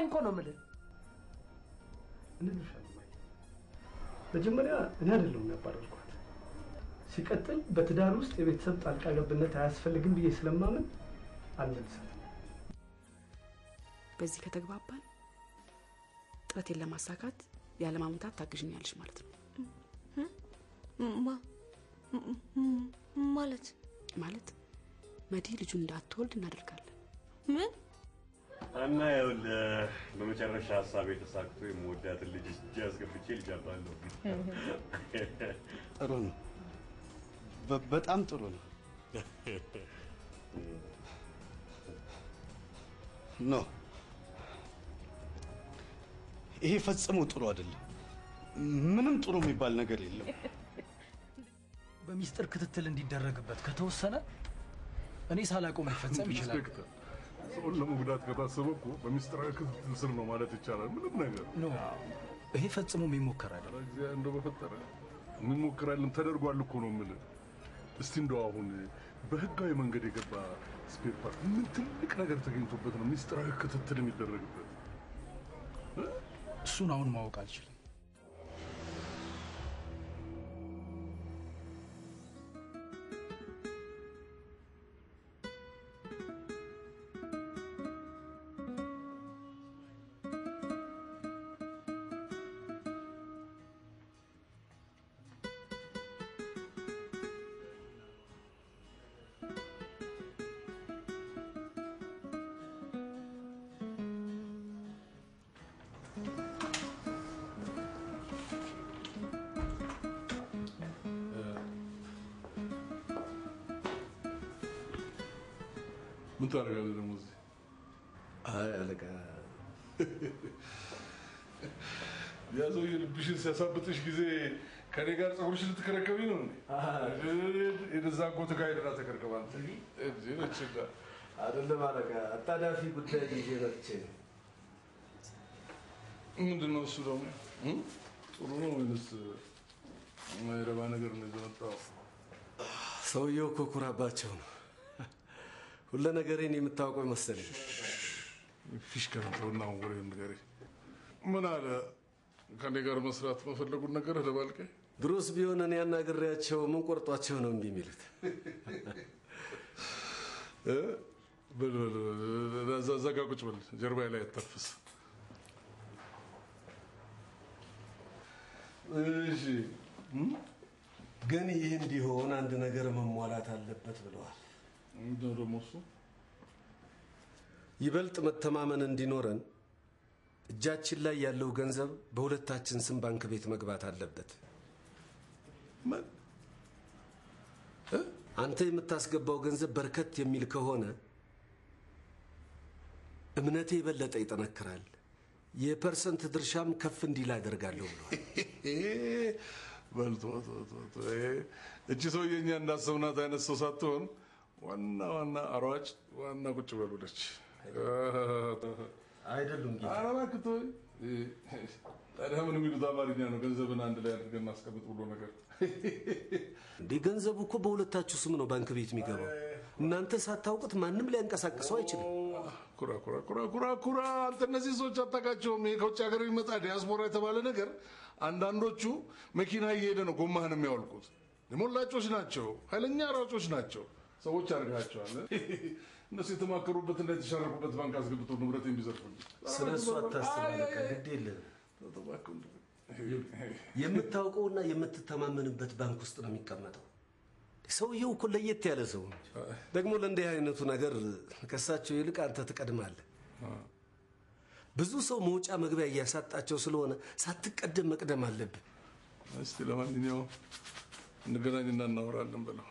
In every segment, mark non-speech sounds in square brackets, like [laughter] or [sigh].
አትምታኝ እኮ ነው የምልህ። መጀመሪያ እኔ አይደለሁም ያባረርኳት። ሲቀጥል በትዳር ውስጥ የቤተሰብ ጣልቃ ገብነት አያስፈልግም ብዬ ስለማምን አልመልሰትም። በዚህ ከተግባባን ጥረቴን ለማሳካት ያለማምታት ታግዥኛለሽ ማለት ነው። ማለት ማለት መዲ ልጁ እንዳትወልድ እናደርጋለን። ምን እና ይኸውልህ በመጨረሻ ሀሳብ የተሳክቶ የምወዳትን ልጅ እጅ አስገብቼ ልጅ አባለሁ። ጥሩ ነው፣ በጣም ጥሩ ነው። ኖ ይሄ ፈጽሞ ጥሩ አይደለም። ምንም ጥሩ የሚባል ነገር የለም። በሚስጥር ክትትል እንዲደረግበት ከተወሰነ እኔ ሳላቆም መፈጸም ይችላል። ሰውን ለመጉዳት ከታሰበ እኮ በሚስጥራዊ ክትትል ስር ነው ማለት ይቻላል። ምንም ነገር ይሄ ፈጽሞ የሚሞከር አይደለም። እንደው በፈጠረ ተደርጓል እኮ ነው የምልህ። እስቲ እንደው አሁን በህጋዊ መንገድ የገባ ስፔር ፓርት ምን ትልቅ ነገር ተገኝቶበት ነው ሚስጥራዊ ክትትል የሚደረግበት? እሱን አሁን ማወቅ አልችልም። ምን ታደርጋለህ ደግሞ እዚህ? አይ አለቃ ያ ልብሽን ሲያሳብጥሽ ጊዜ ከኔ ጋር ፀጉርሽ ልትከረከቢ ነው እንዴ? የደዛ ጎት ጋር ሄደና ተከርከባ እዚህ ነችና። አይደለም አለቃ፣ አጣዳፊ ጉዳይ ይዤ መጥቼ ነው። ምንድን ነው እሱ ደግሞ? ጥሩ ነው ወይንስ የማይረባ ነገር ነው የመጣው? ሰውየው እኮ ኩራባቸው ነው። ሁለ ነገሬን የምታውቀው መሰለኝ። ፊሽካን ተውና ወሬ ነገር ምን አለ ከኔ ጋር መስራት መፈለጉን ነገር ለባልቀ ድሮስ ቢሆን እኔ ያናግሬያቸው ምን ቆርጧቸው ነው እምቢ የሚሉት? ዘጋ ቁጭ በል፣ ጀርባዬ ላይ አታፍስ። እሺ ግን ይህ እንዲሆን አንድ ነገር መሟላት አለበት ብለዋል። ይበልጥ መተማመን እንዲኖረን እጃችን ላይ ያለው ገንዘብ በሁለታችን ስም ባንክ ቤት መግባት አለበት። አንተ የምታስገባው ገንዘብ በርከት የሚል ከሆነ እምነቴ የበለጠ ይጠነክራል፣ የፐርሰንት ድርሻም ከፍ እንዲል አደርጋለሁ ብሏል። [laughs] በልቶ እቺ ሰውዬ እኛ እንዳሰብናት አይነት ሰው ሳትሆን ዋና ዋና አሯጭ ዋና ቁጭ በሉ ነች አይደሉም። ኧረ እባክህ ተወኝ። ታዲያ ምን የሚሉት አማርኛ ነው? ገንዘብን አንድ ላይ አድርገን እናስቀምጥ ብሎ ነገር እንዴ ገንዘቡ እኮ በሁለታችሁ ስም ነው ባንክ ቤት የሚገባው። እናንተ ሳታውቁት ማንም ሊያንቀሳቅሰው አይችልም። ኩራ ኩራ ኩራ ኩራ ኩራ! አንተ እነዚህ ሰዎች አታውቃቸውም። ይሄ ከውጭ ሀገር የሚመጣ ዲያስፖራ የተባለ ነገር፣ አንዳንዶቹ መኪና እየሄደ ነው ጎማህን የሚያወልቁት። የሞላጮች ናቸው፣ ኃይለኛ ሯጮች ናቸው። ሰዎች አድርጋቸዋል። እነሱ የተማከሩበት እና የተሻረኩበት ባንክ አስገብቶ ንብረት የሚዘርፉኝ ስለሱ አታስባለቀ ግድ የለም የምታውቀውና የምትተማመንበት ባንክ ውስጥ ነው የሚቀመጠው። ሰውየው እኮ ለየት ያለ ሰው ደግሞ ለእንዲህ አይነቱ ነገር ከሳቸው ይልቅ አንተ ትቀድማለህ። ብዙ ሰው መውጫ መግቢያ እያሳጣቸው ስለሆነ ሳትቀደም መቅደም አለብን። እስቲ ለማንኛውም እንገናኝና እናወራለን በለው።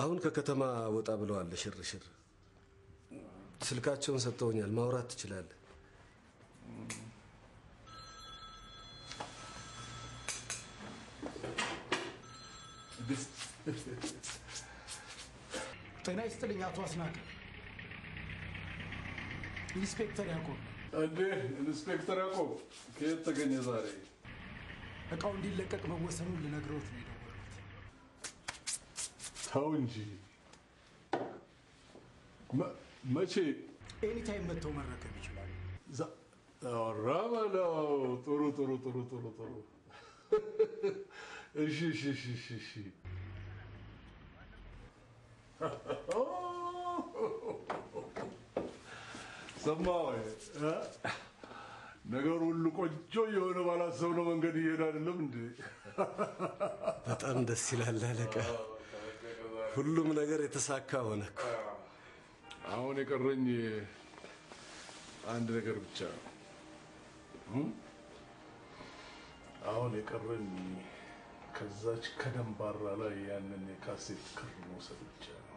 አሁን ከከተማ ወጣ ብለዋል። ሽርሽር ስልካቸውን ሰጥተውኛል። ማውራት ትችላለህ። ጤና ይስጥልኝ አቶ አስናቀ። ኢንስፔክተር ያዕቆብ እንዴ! ኢንስፔክተር ያዕቆብ ከየት ተገኘ ዛሬ? እቃው እንዲለቀቅ መወሰኑን ልነግረውት ነው ተው መቼ ኤኒታይም መጥተው መረከብ ይችላል። ረበለው በለው ጥሩ ጥሩ ጥሩ ጥሩ ጥሩ። [laughs] እሺ እሺ እሺ እሺ እሺ ሰማሁ። [laughs] ነገር ሁሉ ቆንጆ የሆነ ባላሰብነው መንገድ ይሄድ አይደለም እንዴ? በጣም ደስ ይላል አለቃ። ሁሉም ነገር የተሳካ ሆነ። አሁን የቀረኝ አንድ ነገር ብቻ ነው። አሁን የቀረኝ ከዛች ከደንባራ ላይ ያንን የካሴት ክር መውሰድ ብቻ ነው።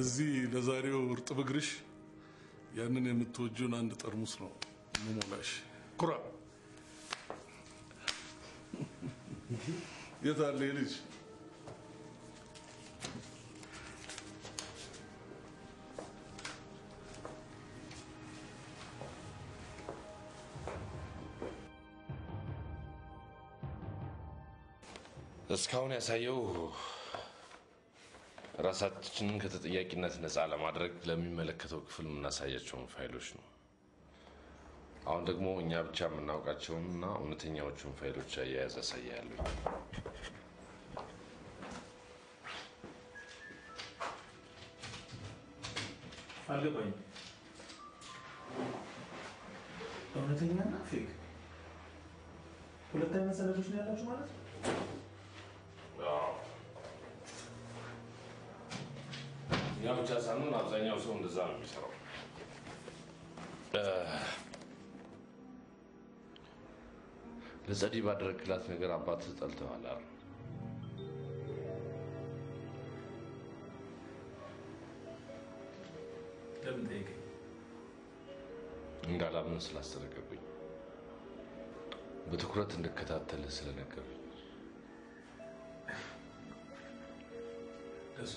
ለዚህ ለዛሬው እርጥብ እግርሽ ያንን የምትወጁን አንድ ጠርሙስ ነው የምሞላሽ። ኩራ። የት አለ ልጅ? እስካሁን ያሳየው ራሳችንን ከተጠያቂነት ነፃ ለማድረግ ለሚመለከተው ክፍል የምናሳያቸውን ፋይሎች ነው። አሁን ደግሞ እኛ ብቻ የምናውቃቸውን እና እውነተኛዎቹን ፋይሎች አያያዝ አሳያለሁ። አልገባኝ። እውነተኛና ፌክ ሁለት አይነት ሰነዶች ነው ያላችሁ ማለት ነው? ሰሞኑን አብዛኛው ሰው እንደዛ ነው የሚሰራው። ለጸዲ ባደረግክላት ነገር አባት ጠልተዋል አይደል? ለምን ጠየቀኝ? እንዳላምን ስላስጠነቀቁኝ በትኩረት እንድከታተልህ ስለነገሩኝ ደስ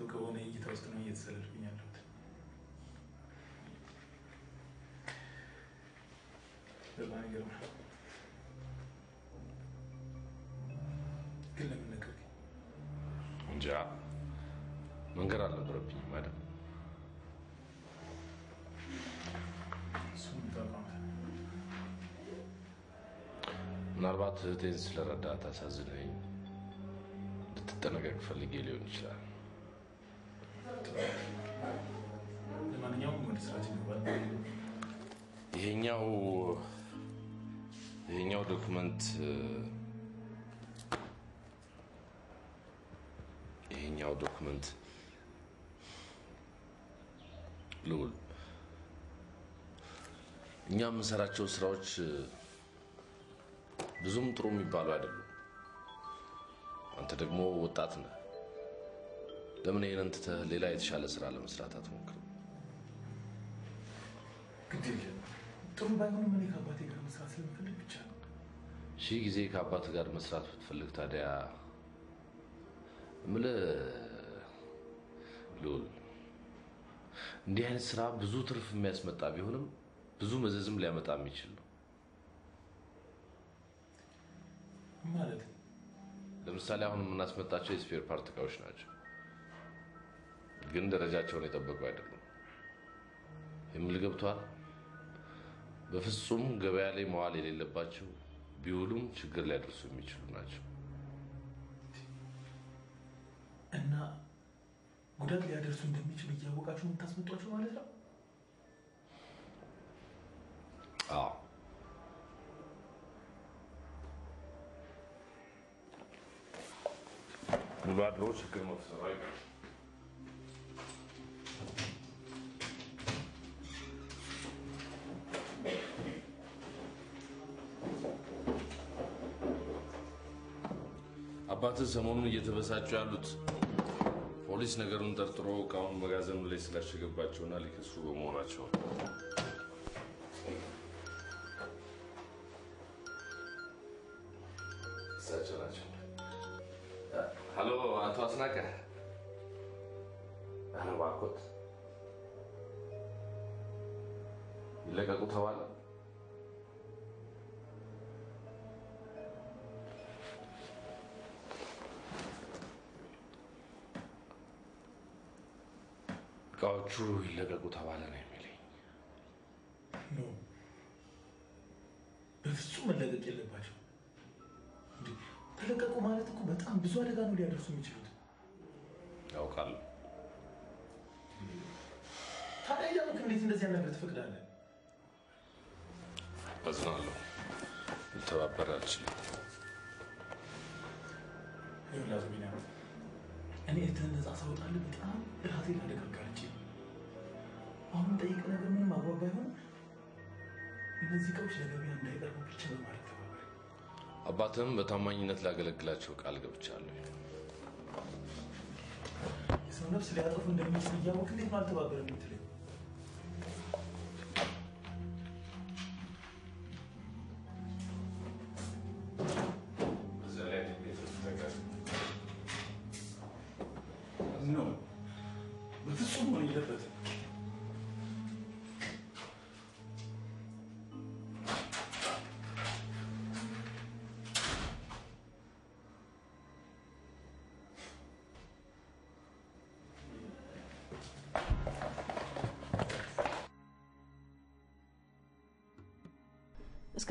በሚያስችል ከሆነ እይታ ውስጥ ነው እየተሰለፍኩኝ ያለሁት። በጣም ይገርማል። ግን ለምን ነገርከኝ? እንጃ መንገድ አልነበረብኝም ማለት ምናልባት እህቴን ስለረዳት አሳዝነኝ ልትጠነቀቅ ፈልጌ ሊሆን ይችላል። ይሄኛው ይሄኛው ዶክመንት ይሄኛው ዶክመንት ልውል እኛ የምንሰራቸው ስራዎች ብዙም ጥሩ የሚባሉ አይደሉም። አንተ ደግሞ ወጣት ነህ። ለምን ይሄንን ትተህ ሌላ የተሻለ ስራ ለመስራት አትሞክርም? ግዴለ ጥሩ ባይሆንም እኔ ከአባቴ ጋር መስራት ስለምፈልግ ብቻ ነው። ሺህ ጊዜ ከአባት ጋር መስራት ብትፈልግ ታዲያ እምልህ እንዲህ አይነት ስራ ብዙ ትርፍ የሚያስመጣ ቢሆንም ብዙ መዘዝም ሊያመጣ የሚችል ነው። ማለት ለምሳሌ አሁን የምናስመጣቸው የስፔር ፓርት እቃዎች ናቸው። ግን ደረጃቸውን የጠበቁ አይደሉም። የምል ገብቷል። በፍጹም ገበያ ላይ መዋል የሌለባቸው ቢውሉም ችግር ሊያደርሱ የሚችሉ ናቸው እና ጉዳት ሊያደርሱ እንደሚችሉ እያወቃችሁ የምታስመጧቸው ማለት ነው? አዎ። ውሎ አድሮ ችግር ነው መፍሰራ አባትህ ሰሞኑን እየተበሳጩ ያሉት ፖሊስ ነገሩን ጠርጥሮ እቃውን መጋዘኑ ላይ ስላሸገባቸውና ሊከሱ በመሆናቸው እሳቸው ናቸው። ሀሎ፣ አቶ አስናቀ ባንኮቹ ይለቀቁ ተባለ ነው የሚለኝ። በፍጹም መለቀቅ የለባቸው። ተለቀቁ ማለት እኮ በጣም ብዙ አደጋ ነው ሊያደርሱ የሚችሉት። ያውቃለሁ። ታዲያ እያሉክ እንዴት እንደዚህ ነገር ትፈቅዳለህ? አዝናለሁ። ልተባበር አልችልም። ይኸውልህ እኔ እህትህን ነፃ ሳወጣልህ በጣም ራሴን አደጋ አሁን ጠይቅ ነገር ምንም እነዚህ እቃዎች ለገበያ እንዳይቀርቡ ብቻ በማለት አባትም በታማኝነት ላገለግላቸው ቃል ገብቻለሁ። የሰው ነፍስ ሊያጠፉ እንደሚችል እያወቅ እንዴት ማልተባበረ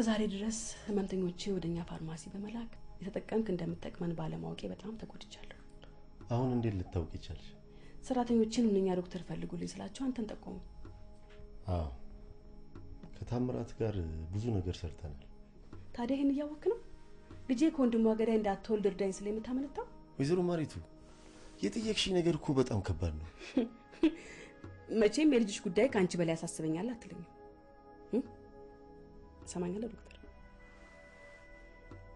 እስከ ዛሬ ድረስ ህመምተኞቼ ወደ እኛ ፋርማሲ በመላክ የተጠቀምክ እንደምጠቅመን ባለማወቄ በጣም ተጎድቻለሁ። አሁን እንዴት ልታውቅ ይቻልሽ? ሰራተኞችን ምንኛ ዶክተር ፈልጉልኝ ስላቸው አንተን ጠቆሙ። አዎ ከታምራት ጋር ብዙ ነገር ሰርተናል። ታዲያ ይህን እያወክ ነው ልጄ ከወንድሟ ገዳይ እንዳትወልድ እርዳኝ ስለ የምታመለታው? ወይዘሮ ማሪቱ የጠየቅሽኝ ነገር እኮ በጣም ከባድ ነው። [laughs] መቼም የልጅሽ ጉዳይ ከአንቺ በላይ ያሳስበኛል አትለኝም። ሰማኛለ ዶክተር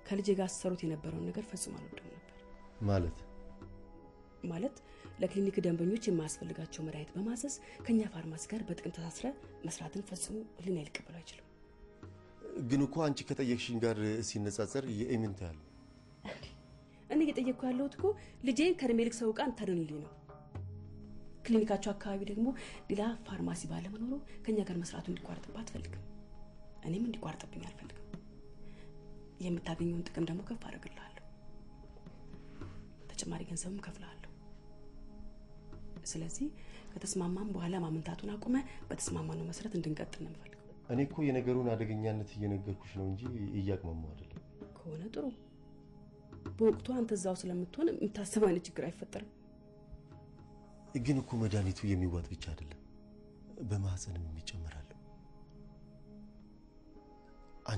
ከልጄ ጋር አሰሩት የነበረውን ነገር ፈጽሞ አልወደውም ነበር። ማለት ማለት ለክሊኒክ ደንበኞች የማያስፈልጋቸው መድኃኒት በማዘዝ ከእኛ ፋርማሲ ጋር በጥቅም ተሳስረ መስራትን ፈጽሞ ልን ሊቀበሉ አይችልም። ግን እኮ አንቺ ከጠየቅሽኝ ጋር ሲነጻጸር የኤምን ያለ እኔ እየጠየቅኩ ያለሁት እኮ ልጄን ከእድሜ ልክ ሰው ቃ እንታደንልኝ ነው። ክሊኒካቸው አካባቢ ደግሞ ሌላ ፋርማሲ ባለመኖሩ ከእኛ ጋር መስራቱ እንዲቋረጥባት አትፈልግም። እኔም እንዲቋርጥብኝ አልፈልግም። የምታገኘውን ጥቅም ደግሞ ከፍ አድርግልሃለሁ፣ ተጨማሪ ገንዘብም ከፍልሃለሁ። ስለዚህ ከተስማማም በኋላ ማመንታቱን አቁመ ነው መሰረት እንድንቀጥል ነው የምፈልገው። እኔ እኮ የነገሩን አደገኛነት እየነገርኩሽ ነው እንጂ እያቅመሙ አይደለም። ከሆነ ጥሩ። በወቅቱ አንተ እዛው ስለምትሆን የምታስብ አይነት ችግር አይፈጠርም። ግን እኮ መድኃኒቱ የሚዋጥ ብቻ አይደለም፣ በማህፀንም የሚጨመር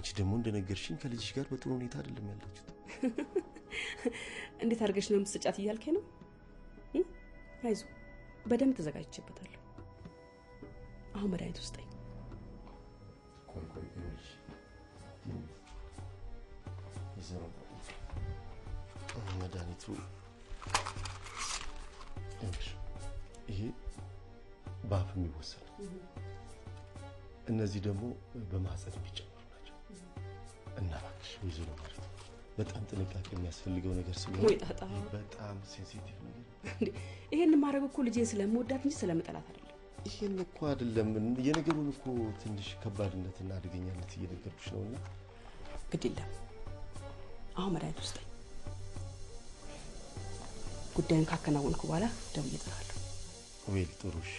አንቺ ደግሞ እንደነገርሽኝ ከልጅሽ ጋር በጥሩ ሁኔታ አይደለም ያለችው። [laughs] እንዴት አድርገሽ ነው የምትስጫት እያልከኝ ነው? አይዞ በደንብ ተዘጋጅቼበታለሁ። አሁን መድኃኒት ውስጠኝ። መድኃኒቱ ይሄ በአፍ የሚወሰድ እነዚህ ደግሞ በማህፀን የሚጨ እና እባክሽ ወይዘሮ ማለት በጣም ጥንቃቄ የሚያስፈልገው ነገር ስለሆነ በጣም ሴንሲቲቭ ነገር። ይሄን ማድረግ እኮ ልጄን ስለምወዳት እንጂ ስለምጠላት አይደለም። ይሄን እኮ አይደለም የነገሩን እኮ ትንሽ ከባድነትና አደገኛነት እየነገርኩሽ ነውና፣ ግድ የለም አሁን መድኃኒት ውስጥ ጉዳዩን ካከናወንኩ በኋላ ደውዬ እጠራለሁ። ወይ ጥሩሽ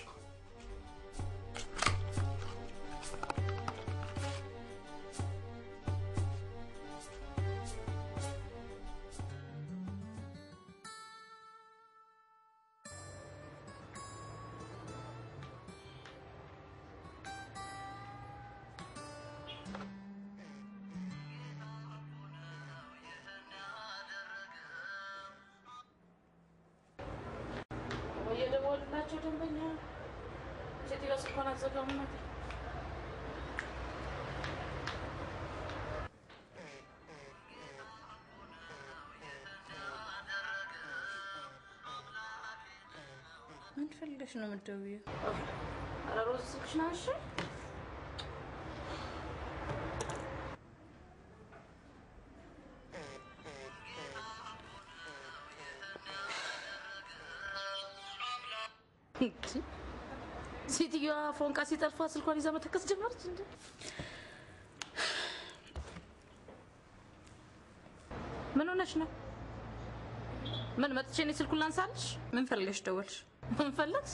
ፈልገሽ ነው የምትደውይው? ኧረ ሮዝ ስልክሽ ነው እሺ? ሴትዮዋ ፎንቃ ሲጠልፏ ስልኳን ይዛ መተከስ ጀመረች። እንደ ምን ሆነች ነው? ምን መጥቼ እኔ ስልኩን ላንሳልሽ? ምን ፈልገሽ ደወልሽ? ምን ፈለግሽ?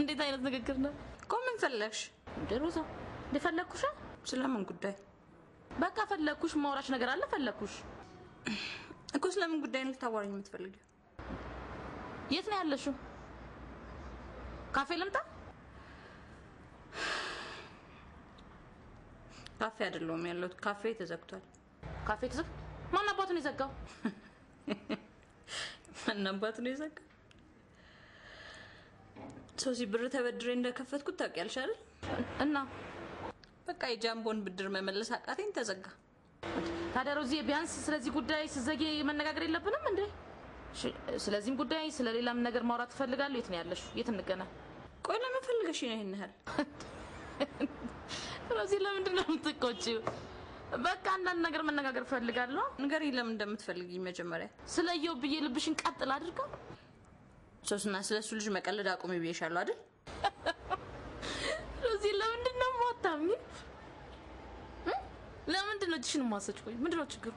እንዴት አይነት ንግግር ነው? ቆ ምን ፈለግሽ? እንደ እንደፈለግኩሽ። ስለምን ጉዳይ? በቃ ፈለግኩሽ። ማውራሽ ነገር አለ። ፈለግኩሽ እኮ። ስለምን ጉዳይ ነው ልታዋሪኝ የምትፈልጊው? የት ነው ያለሽው? ካፌ ልምጣ? ካፌ አይደለሁም ያለሁት። ካፌ ተዘግቷል። ካፌ ተዘግቷል። ማን አባቱ ነው የዘጋው? ማን የዘጋው? ሶሲ ብር ተበድሬ እንደከፈትኩት ታውቂያለሽ አይደል? እና በቃ የጃምቦን ብድር መመለስ አቃተኝ፣ ተዘጋ። ታዲያ ሮዚ ቢያንስ ስለዚህ ጉዳይ ስዘጌ መነጋገር የለብንም እንዴ? ስለዚህም ጉዳይ ስለሌላም ነገር ማውራት ትፈልጋለሁ። የት ነው ያለሽ? የት እንገናኝ? ቆይ ለምን ፈልገሽ ነው ይህን ያህል? [laughs] ሮዚ ለምንድን ነው የምትቆጪው? በቃ አንዳንድ ነገር መነጋገር ፈልጋለሁ። ንገሪኝ፣ ለምን እንደምትፈልጊኝ መጀመሪያ። ስለየው ብዬ ልብሽን ቀጥል አድርገው ሶስና ስለሱ ልጅ መቀለድ አቁሚ ብዬሻለሁ አይደል? [laughs] ሮዚ ለምንድን ነው ማታምኝ? ለምንድን ነው እጅሽን ማሰጭ? ቆይ ምንድን ነው ችግሩ?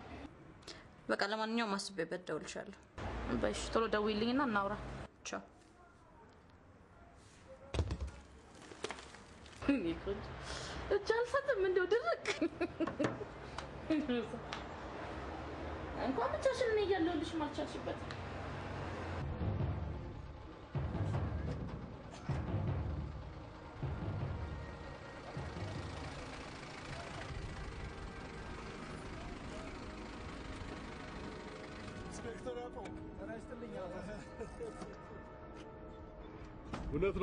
በቃ ለማንኛውም አስቤበት ደውልሻለሁ። በሽ ቶሎ ደውይልኝና እናውራ። ቻው። እቻ አልሰጥም እንደው ድርቅ እንኳን ብቻሽን እኔ እያለሁልሽ ማልቻልሽበት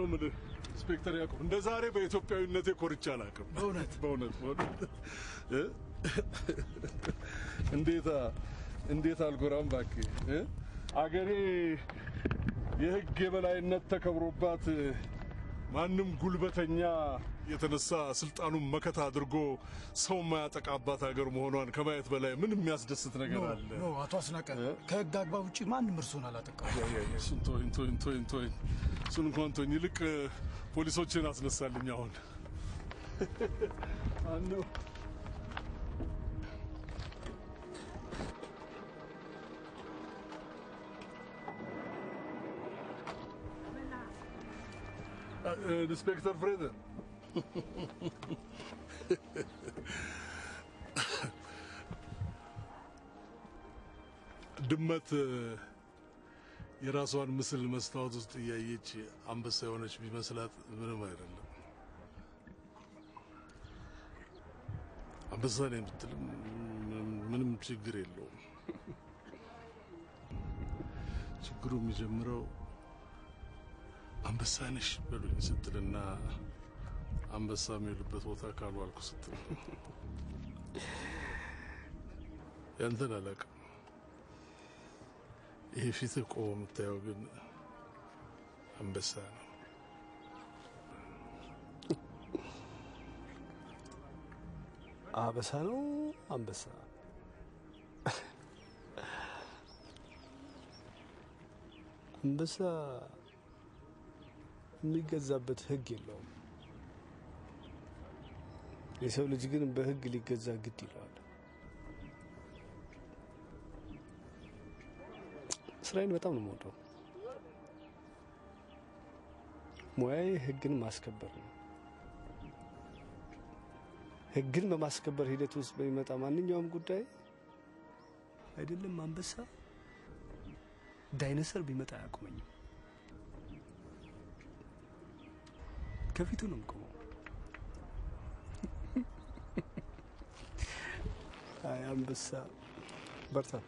እውነት ነው የምልህ ኢንስፔክተር ያዕቆብ እንደ ዛሬ በኢትዮጵያዊነቴ ኮርቻ አላውቅም። በእውነት በእውነት በእውነት። እንዴታ እንዴት አልጎራም እባክህ። አገሬ የህግ የበላይነት ተከብሮባት ማንም ጉልበተኛ የተነሳ ስልጣኑን መከታ አድርጎ ሰው ማያጠቃባት ሀገር መሆኗን ከማየት በላይ ምን የሚያስደስት ነገር አለ? አቶ አስናቀ ከህግ አግባብ ውጭ ማንም እርሱን አላጠቃም። እሱን እንኳን ቶኝ፣ ይልቅ ፖሊሶችን አስነሳልኝ። አሁን [laughs] አነው ኢንስፔክተር ፍሬደ ድመት የራሷን ምስል መስታወት ውስጥ እያየች አንበሳ የሆነች ቢመስላት ምንም አይደለም። አንበሳ ነው የምትልም ምንም ችግር የለውም። ችግሩ የሚጀምረው አንበሳ ነሽ በሉኝ ስትልና አንበሳ የሚውልበት ቦታ ካሉ አልኩ ስትል ያንተን አላውቅም። ይሄ ፊት ቆሞ የምታየው ግን አንበሳ ነው። አበሳ ነው አንበሳ። አንበሳ የሚገዛበት ሕግ የለውም። የሰው ልጅ ግን በህግ ሊገዛ ግድ ይለዋል። ስራዬን በጣም ነው የምወደው። ሙያዬ ህግን ማስከበር ነው። ህግን በማስከበር ሂደት ውስጥ በሚመጣ ማንኛውም ጉዳይ አይደለም አንበሳ ዳይነሰር ቢመጣ አያቆመኝም። ከፊቱ ነው የምቆመው። آه، يا عم بسام آه،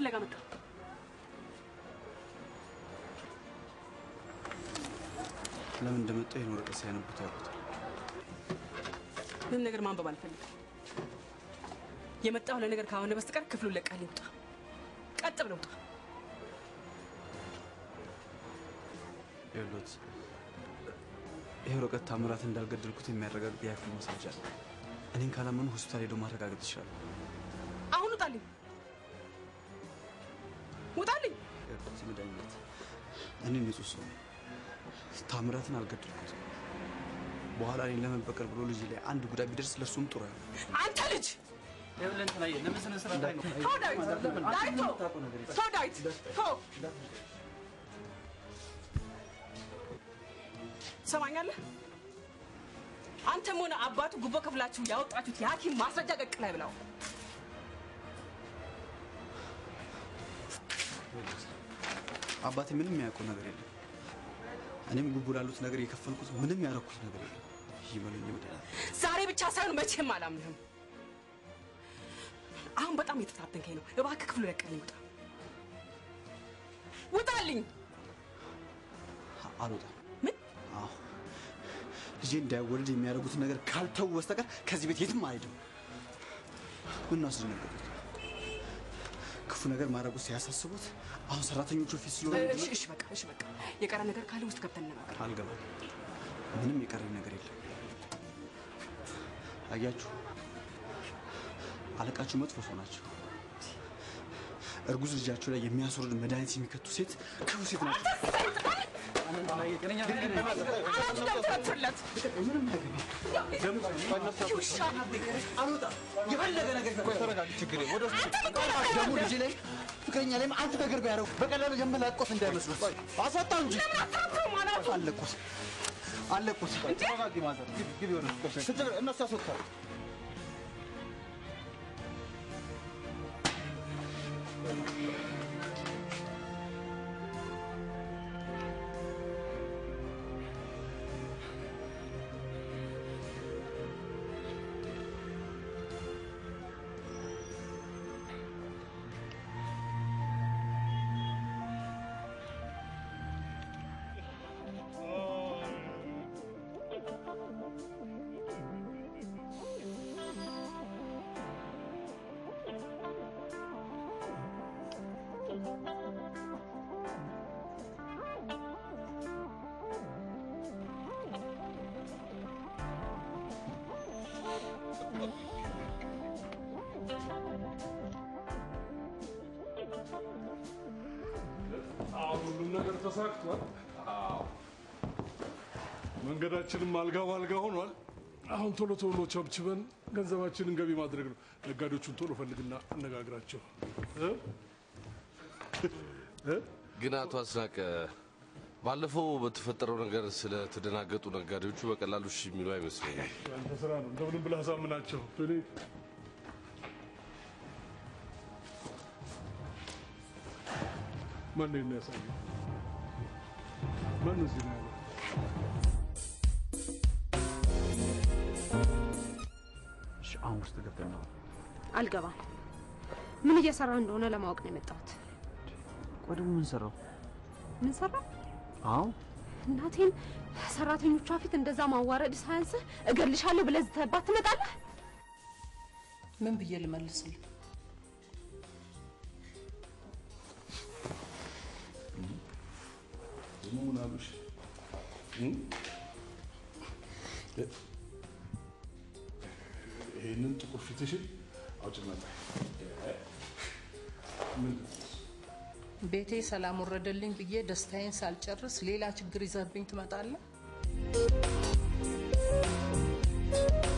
ፍለጋ መጣ? ለምን እንደመጣ ይህን ወረቀት ሲያነቡት ያውቁታል። ምንም ነገር ማንበብ አልፈልግም። የመጣው ለነገር ከሆነ በስተቀር ክፍሉን ለቃል ይውጣ። ቀጥ ብለው ውጣ። ይኸውልዎት፣ ይህ ወረቀት ታምራት እንዳልገደልኩት የሚያረጋግጥ የክፍል ማስረጃ እኔን ካላመኑ ሆስፒታል ሄዶ ማረጋገጥ ይችላል። የህይወት መድኃኒት። እኔ ንጹህ ሰው ነኝ። ታምራትን አልገደልኩት። በኋላ እኔ ለመበቀል ብሎ ልጅ ላይ አንድ ጉዳይ ቢደርስ ለእሱም ጥሩ ያለ አንተ ልጅ ሰማኛለህ? አንተም ሆነ አባቱ ጉቦ ከፍላችሁ ያወጣችሁት የሐኪም ማስረጃ ቀቅላይ ብላው አባቴ ምንም የሚያውቀው ነገር የለም። እኔም ጉቡ ላሉት ነገር የከፈልኩት ምንም ያደረኩት ነገር የለም። ይመሉኝ ይመዳል። ዛሬ ብቻ ሳይሆን መቼም አላምንህም። አሁን በጣም የተታተንከኝ ነው። እባክህ ክፍሉ ለቀልኝ፣ ውጣ፣ ውጣልኝ። አልወጣም። ምን? አዎ ልጄ እንዳይወልድ የሚያደርጉትን ነገር ካልተው በስተቀር ከዚህ ቤት የትም አልሄድም። ምን አስደነገጠ? ክፉ ነገር ማድረጉ ሲያሳስቡት አሁን ሰራተኞቹ ፊት ሲሆን፣ እሺ በቃ እሺ፣ በቃ የቀረ ነገር ካለ ውስጥ ገብተን እንነጋገር። አልገባ ምንም የቀረ ነገር የለም። አያችሁ፣ አለቃችሁ መጥፎ ሰው ናቸው። እርጉዝ ልጃችሁ ላይ የሚያስወርድ መድኃኒት የሚከቱ ሴት ክፉ ሴት ናቸው። ፍቅረኛ ላይም አንድ ነገር ቢያደርጉ በቀላሉ የመላቆት እንዳይመስሉት አሳጣው እንጂ አለቁት አለቁት። እነሱ ያስወታል። Thank you. ነገር ተሳክቷል። መንገዳችንም አልጋ ባልጋ ሆኗል። አሁን ቶሎ ቶሎ ቸብችበን ገንዘባችንን ገቢ ማድረግ ነው። ነጋዴዎቹን ቶሎ ፈልግና አነጋግራቸው። ግን አቶ አስናቀ ባለፈው በተፈጠረው ነገር ስለተደናገጡ ነጋዴዎቹ በቀላሉ እሺ የሚሉ አይመስለኝም። አንተ ስራ ነው እንደምንም ብለህ አሳምናቸው። ማን ነው ያሳየው? አሁን ውስጥ ገብተና አልገባም። ምን እየሰራ እንደሆነ ለማወቅ ነው የመጣሁት። ቆይ ምን ሰራው? ምን ሰራው? አዎ እናቴን ሰራተኞቿ ፊት እንደዛ ማዋረድ ሳያንስህ እገልሻለሁ ብለህ ዝተባት ትመጣለህ። ምን ብዬ ልመልስልህ? ይህንን ጥቁር ፊትሽን አውጭናጣ ቤቴ ሰላም ወረደልኝ ብዬ ደስታዬን ሳልጨርስ ሌላ ችግር ይዘብኝ ትመጣለህ።